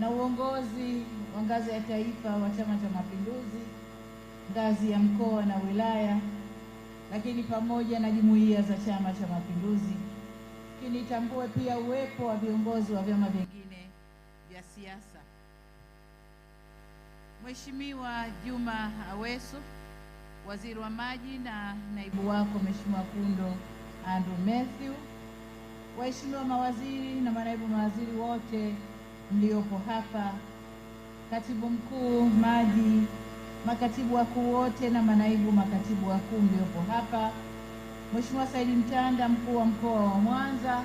na uongozi wa ngazi ya taifa wa Chama cha Mapinduzi, ngazi ya mkoa na wilaya, lakini pamoja na jumuiya za Chama cha Mapinduzi, lakini nitambue pia uwepo wa viongozi wa vyama vingine vya siasa. Mheshimiwa Juma Aweso, waziri wa maji na naibu wako Mheshimiwa Kundo Andrew Matthew, waheshimiwa mawaziri na manaibu mawaziri wote mliopo hapa, katibu mkuu maji, makatibu wakuu wote na manaibu makatibu wakuu mliopo hapa, Mheshimiwa Saidi Mtanda, mkuu wa mkoa wa Mwanza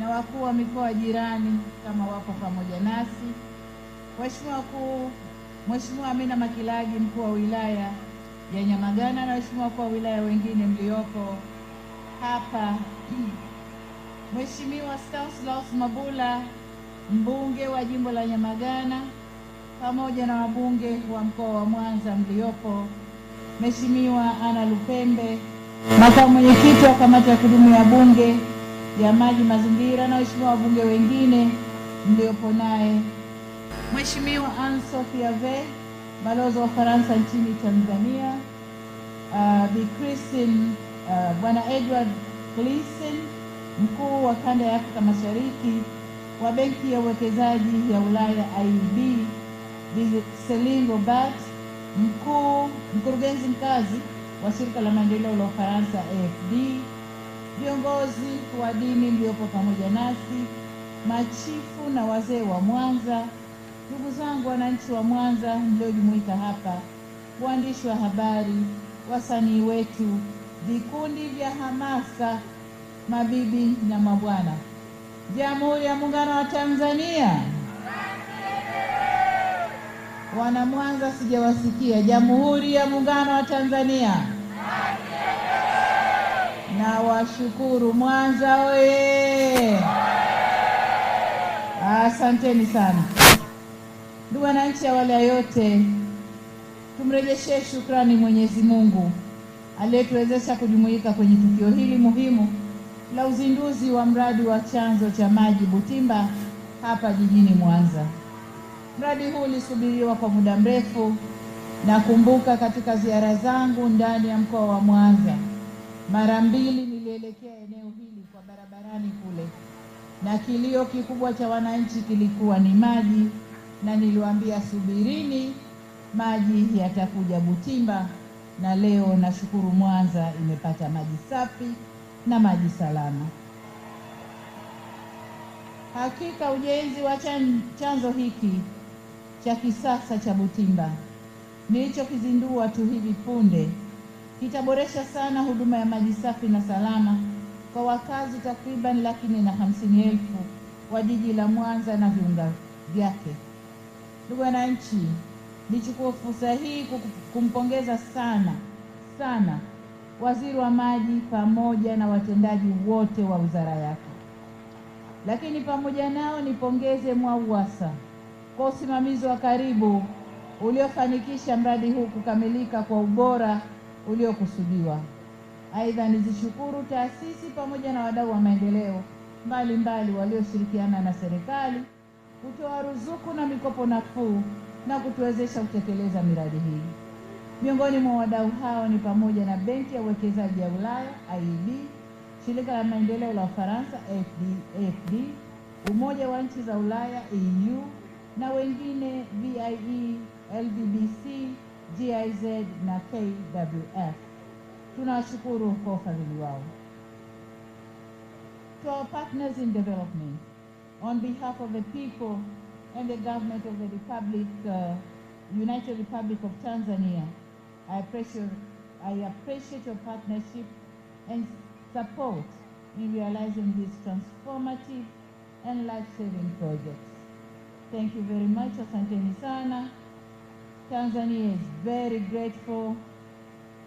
na wakuu wa mikoa jirani kama wapo pamoja nasi, waheshimiwa wakuu, Mheshimiwa Amina Makilaji, mkuu wa wilaya ya Nyamagana na waheshimiwa wakuu wa wilaya wengine mliopo hapa, Mheshimiwa Stanislaus Mabula mbunge wa jimbo la Nyamagana pamoja na wabunge wa mkoa wa Mwanza mliopo, Mheshimiwa Ana Lupembe, makamu mwenyekiti wa kamati ya kudumu ya bunge ya maji mazingira, na waheshimiwa wabunge wengine mliopo, naye Mheshimiwa Anne Sophie Ave, balozi wa Ufaransa nchini Tanzania, uh, Bi Christine uh, bwana Edward Gleason, mkuu wa kanda ya Afrika Mashariki wa Benki ya Uwekezaji ya Ulaya ib Bi Celine Robert, mkuu mkurugenzi mkazi wa Shirika la Maendeleo la Ufaransa AFD, viongozi wa dini mliopo pamoja nasi, machifu na wazee wa Mwanza, ndugu zangu wananchi wa Mwanza mliojumuika hapa, waandishi wa habari, wasanii wetu, vikundi vya hamasa, mabibi na mabwana. Jamhuri ya Muungano wa Tanzania. Wana Mwanza sijawasikia. Jamhuri ya Muungano wa Tanzania. Na washukuru Mwanza oye! Asanteni sana ndugu wananchi. Awali ya yote, tumrejeshee shukrani Mwenyezi Mungu aliyetuwezesha kujumuika kwenye tukio hili muhimu la uzinduzi wa mradi wa chanzo cha maji Butimba hapa jijini Mwanza. Mradi huu ulisubiriwa kwa muda mrefu. Nakumbuka katika ziara zangu ndani ya mkoa wa Mwanza, mara mbili nilielekea eneo hili kwa barabarani kule, na kilio kikubwa cha wananchi kilikuwa ni maji, na niliwaambia subirini, maji yatakuja Butimba, na leo nashukuru Mwanza imepata maji safi na maji salama. Hakika ujenzi wa chan, chanzo hiki cha kisasa cha Butimba nilichokizindua tu hivi punde kitaboresha sana huduma ya maji safi na salama kwa wakazi takriban laki nne na hamsini elfu wa jiji la Mwanza na viunga vyake. Ndugu wananchi, nichukue fursa hii kumpongeza sana sana waziri wa maji pamoja na watendaji wote wa wizara yako. Lakini pamoja nao nipongeze MWAUWASA kwa usimamizi wa karibu uliofanikisha mradi huu kukamilika kwa ubora uliokusudiwa. Aidha, nizishukuru taasisi pamoja na wadau wa maendeleo mbalimbali walioshirikiana na serikali kutoa ruzuku na mikopo nafuu na kutuwezesha kutekeleza miradi hii. Miongoni mwa wadau hao ni pamoja na Benki ya Uwekezaji ya Ulaya EIB, Shirika la Maendeleo la Ufaransa AFD, Umoja wa Nchi za Ulaya EU na wengine VIE, LBBC, GIZ na KWF. Tunawashukuru kwa ufadhili wao. To our partners in development, on behalf of the people and the government of the Republic, uh, United Republic of Tanzania, I appreciate, I appreciate your partnership and support in realizing these transformative and life-saving projects. Thank you very much, Asanteni Sana. Tanzania is very grateful.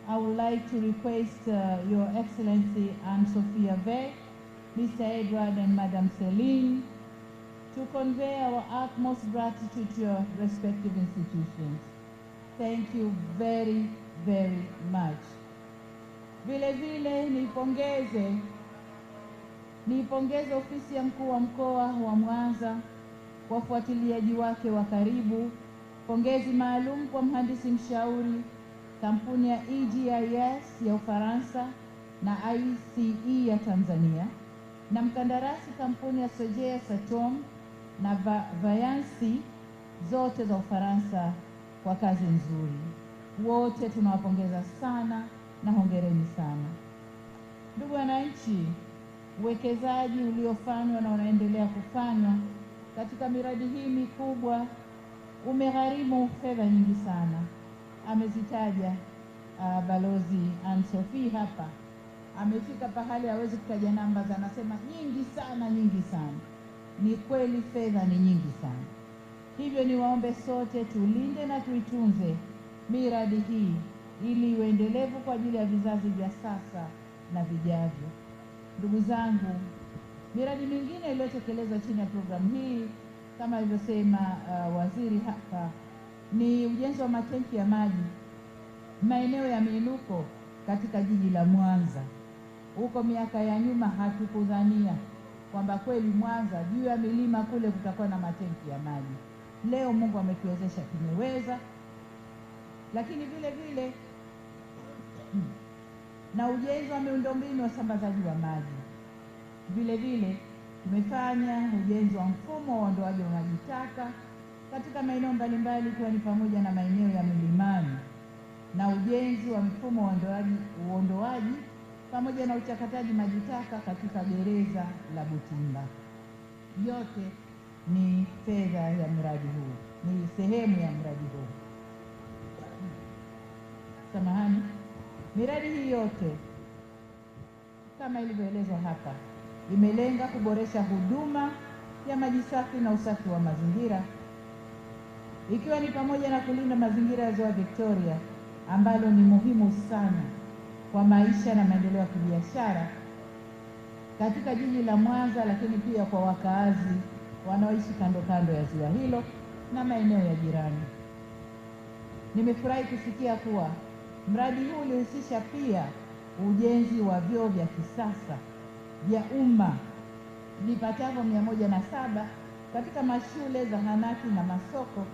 I would like to request uh, Your Excellency and Sophia Vey, Mr. Edward and Madam Celine to convey our utmost gratitude to your respective institutions. Thank you very very much. Vile vile niipongeze niipongeze ofisi ya mkuu wa mkoa wa Mwanza kwa ufuatiliaji wake wa karibu. Pongezi maalum kwa mhandisi mshauri kampuni ya EGIS ya Ufaransa na ICE ya Tanzania na mkandarasi kampuni ya sojea Satom na Vayansi zote za Ufaransa kwa kazi nzuri. Wote tunawapongeza sana na hongereni sana. Ndugu wananchi, uwekezaji uliofanywa na unaendelea kufanywa katika miradi hii mikubwa umegharimu fedha nyingi sana. Amezitaja uh, Balozi Anne Sophie hapa, amefika pahali hawezi kutaja namba, anasema nyingi sana, nyingi sana. Ni kweli fedha ni nyingi sana. Hivyo niwaombe sote tulinde na tuitunze miradi hii ili iwe endelevu kwa ajili ya vizazi vya sasa na vijavyo. Ndugu zangu, miradi mingine iliyotekelezwa chini ya programu hii kama alivyosema uh, waziri hapa ni ujenzi wa matenki ya maji maeneo ya miinuko katika jiji la Mwanza. Huko miaka ya nyuma hatukudhania kwamba kweli Mwanza juu ya milima kule kutakuwa na matenki ya maji. Leo Mungu ametuwezesha tumeweza, lakini vile vile hmm, na ujenzi wa miundombinu ya usambazaji wa maji. Vile vile tumefanya ujenzi wa mfumo wa uondoaji wa maji taka katika maeneo mbalimbali ikiwa ni pamoja na maeneo ya milimani na ujenzi wa mfumo wa uondoaji pamoja na uchakataji maji taka katika gereza la Butimba. Yote ni fedha ya mradi huu, ni sehemu ya mradi huu. Samahani, miradi hii yote kama ilivyoelezwa hapa imelenga kuboresha huduma ya maji safi na usafi wa mazingira ikiwa ni pamoja na kulinda mazingira ya Ziwa Victoria ambalo ni muhimu sana kwa maisha na maendeleo ya kibiashara katika jiji la Mwanza, lakini pia kwa wakaazi wanaoishi kando kando ya ziwa hilo na maeneo ya jirani. Nimefurahi kusikia kuwa mradi huu ulihusisha pia ujenzi wa vyoo vya kisasa vya umma vipatavyo mia moja na saba katika mashule, zahanati na masoko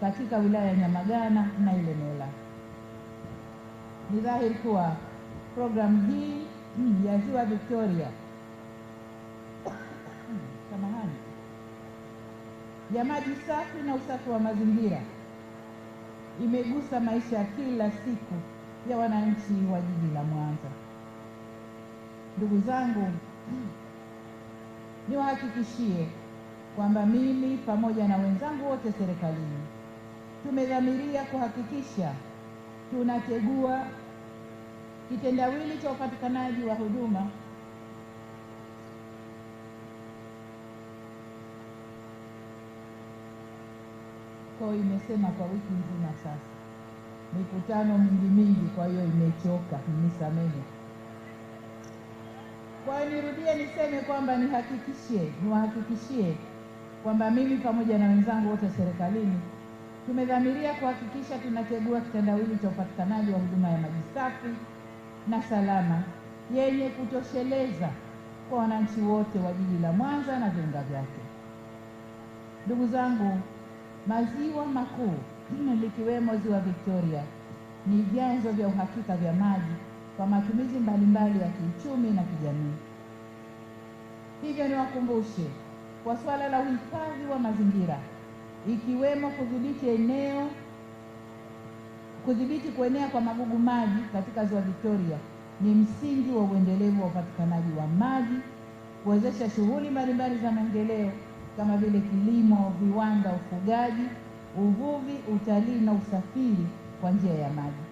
katika wilaya ya Nyamagana na Ilemela. Ni dhahiri kuwa programu hii ya Ziwa Victoria samahani ya maji safi na usafi wa mazingira imegusa maisha ya kila siku ya wananchi wa jiji la Mwanza. Ndugu zangu, niwahakikishie kwamba mimi pamoja na wenzangu wote serikalini tumedhamiria kuhakikisha tunategua kitendawili cha upatikanaji wa huduma TASACO imesema kwa wiki nzima sasa, mikutano mingi mingi, kwa hiyo imechoka, nisamehe. Kwa hiyo nirudie niseme kwamba nihakikishie, niwahakikishie kwamba mimi pamoja na wenzangu wote serikalini tumedhamiria kuhakikisha tunategua kitendawili cha upatikanaji wa huduma ya maji safi na salama yenye kutosheleza kwa wananchi wote wa jiji la Mwanza na viunga vyake. Ndugu zangu Maziwa makuu likiwemo ziwa Victoria ni vyanzo vya uhakika vya maji kwa matumizi mbalimbali ya kiuchumi na kijamii. Hivyo niwakumbushe kwa suala la uhifadhi wa mazingira, ikiwemo kudhibiti eneo kudhibiti kuenea kwa magugu maji katika ziwa Victoria ni msingi wa uendelevu wa upatikanaji wa maji, kuwezesha shughuli mbalimbali za maendeleo kama vile kilimo, viwanda, ufugaji, uvuvi, utalii na usafiri kwa njia ya maji.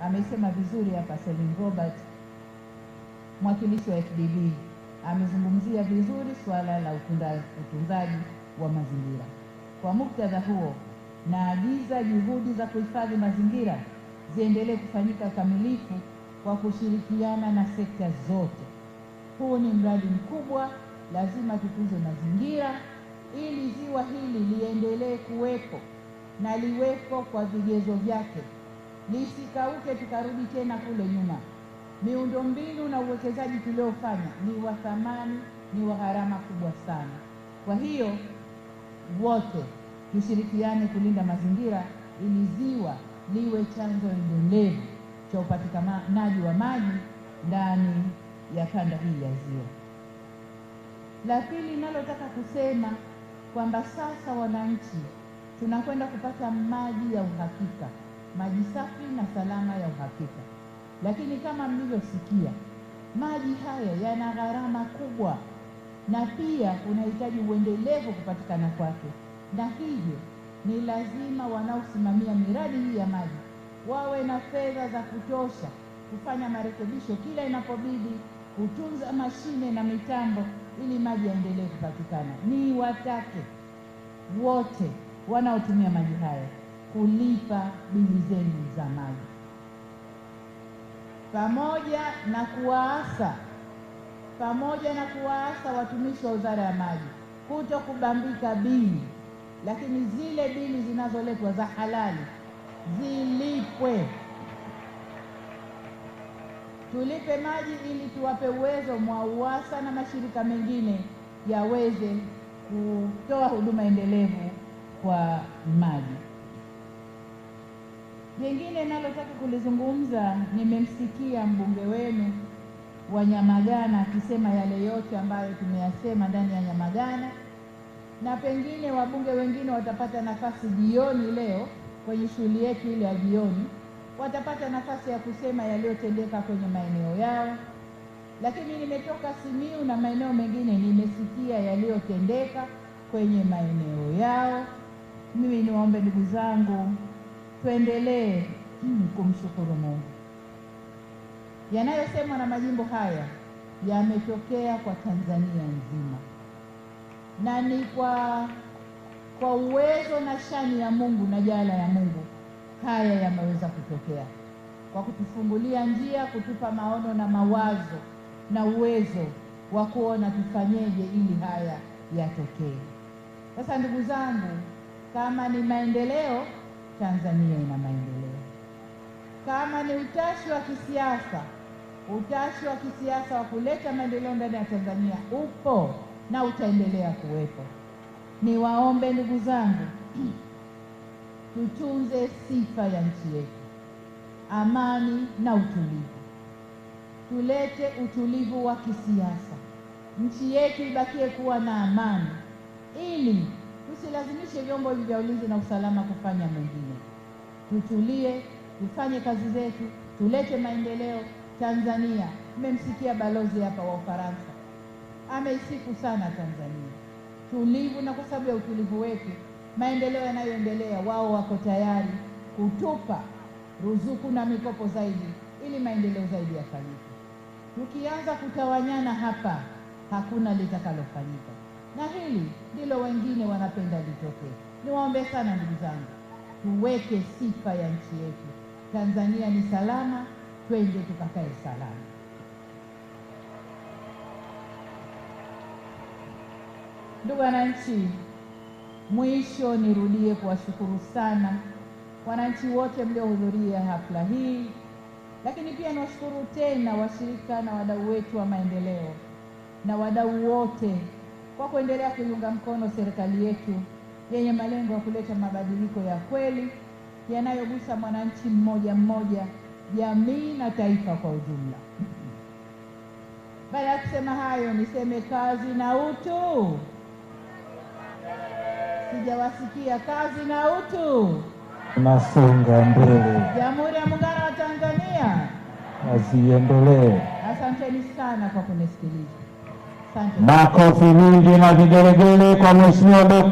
Amesema vizuri hapa selin Robert, mwakilishi wa FDB, amezungumzia vizuri suala la utunzaji wa mazingira. Kwa muktadha huo, naagiza juhudi za kuhifadhi mazingira ziendelee kufanyika kamilifu kwa kushirikiana na sekta zote. Huu ni mradi mkubwa, lazima tutunze mazingira ili ziwa hili liendelee kuwepo na liwepo kwa vigezo vyake, lisikauke tukarudi tena kule nyuma. Miundombinu na uwekezaji tuliofanya ni wa thamani, ni wa gharama kubwa sana. Kwa hiyo wote tushirikiane kulinda mazingira ili ziwa liwe chanzo endelevu cha upatikanaji wa maji ndani ya kanda hii ya ziwa. La pili nalotaka kusema kwamba sasa wananchi tunakwenda kupata maji ya uhakika, maji safi na salama ya uhakika. Lakini kama mlivyosikia, maji haya yana gharama kubwa, na pia unahitaji uendelevu kupatikana kwake, na hivyo ni lazima wanaosimamia miradi hii ya maji wawe na fedha za kutosha kufanya marekebisho kila inapobidi kutunza mashine na mitambo ili maji yaendelee kupatikana. Ni watake wote wanaotumia maji haya kulipa bili zenu za maji, pamoja na kuwaasa pamoja na kuwaasa watumishi wa Wizara ya Maji kuto kubambika bili, lakini zile bili zinazoletwa za halali zilipwe tulipe maji ili tuwape uwezo MWAUWASA na mashirika mengine yaweze kutoa huduma endelevu kwa maji. Jengine nalotaka kulizungumza, nimemsikia mbunge wenu wa Nyamagana akisema yale yote ambayo tumeyasema ndani ya Nyamagana, na pengine wabunge wengine watapata nafasi jioni leo kwenye shughuli yetu ile ya jioni watapata nafasi ya kusema yaliyotendeka kwenye maeneo yao. Lakini nimetoka simiu na maeneo mengine, nimesikia yaliyotendeka kwenye maeneo yao. Mimi niwaombe ndugu zangu, tuendelee mm, kumshukuru Mungu. Yanayosemwa na majimbo haya yametokea kwa Tanzania nzima na ni kwa kwa uwezo na shani ya Mungu na jala ya Mungu haya yameweza kutokea, kwa kutufungulia njia, kutupa maono na mawazo na uwezo wa kuona tufanyeje ili haya yatokee. Sasa ndugu zangu, kama ni maendeleo, Tanzania ina maendeleo. Kama ni utashi wa kisiasa, utashi wa kisiasa wa kuleta maendeleo ndani ya Tanzania upo na utaendelea kuwepo. Niwaombe ndugu zangu tutunze sifa ya nchi yetu, amani na utulivu. Tulete utulivu wa kisiasa, nchi yetu ibakie kuwa na amani, ili tusilazimishe vyombo hivi vya ulinzi na usalama kufanya mengine. Tutulie, tufanye kazi zetu, tulete maendeleo Tanzania. Mmemsikia balozi hapa wa Ufaransa ameisifu sana Tanzania, tulivu, na kwa sababu ya utulivu wetu maendeleo yanayoendelea, wao wako tayari kutupa ruzuku na mikopo zaidi ili maendeleo zaidi yafanyike. Tukianza kutawanyana hapa, hakuna litakalofanyika, na hili ndilo wengine wanapenda litokee. Niwaombe sana ndugu zangu, tuweke sifa ya nchi yetu Tanzania ni salama, twende tukakae salama. Ndugu wananchi Mwisho nirudie kuwashukuru sana wananchi wote mliohudhuria hafla hii, lakini pia niwashukuru tena washirika na wadau wetu wa maendeleo na wadau wote kwa kuendelea kuiunga mkono serikali yetu yenye malengo ya kuleta mabadiliko ya kweli yanayogusa mwananchi mmoja mmoja, jamii na taifa kwa ujumla. Baada ya kusema hayo, niseme kazi na utu sijawasikia. Kazi na utu, tunasonga mbele. Jamhuri ya Muungano wa Tanzania, kazi iendelee. Asanteni sana kwa kunisikiliza. Makofi mingi na vigelegele kwa mheshimiwa Dkt.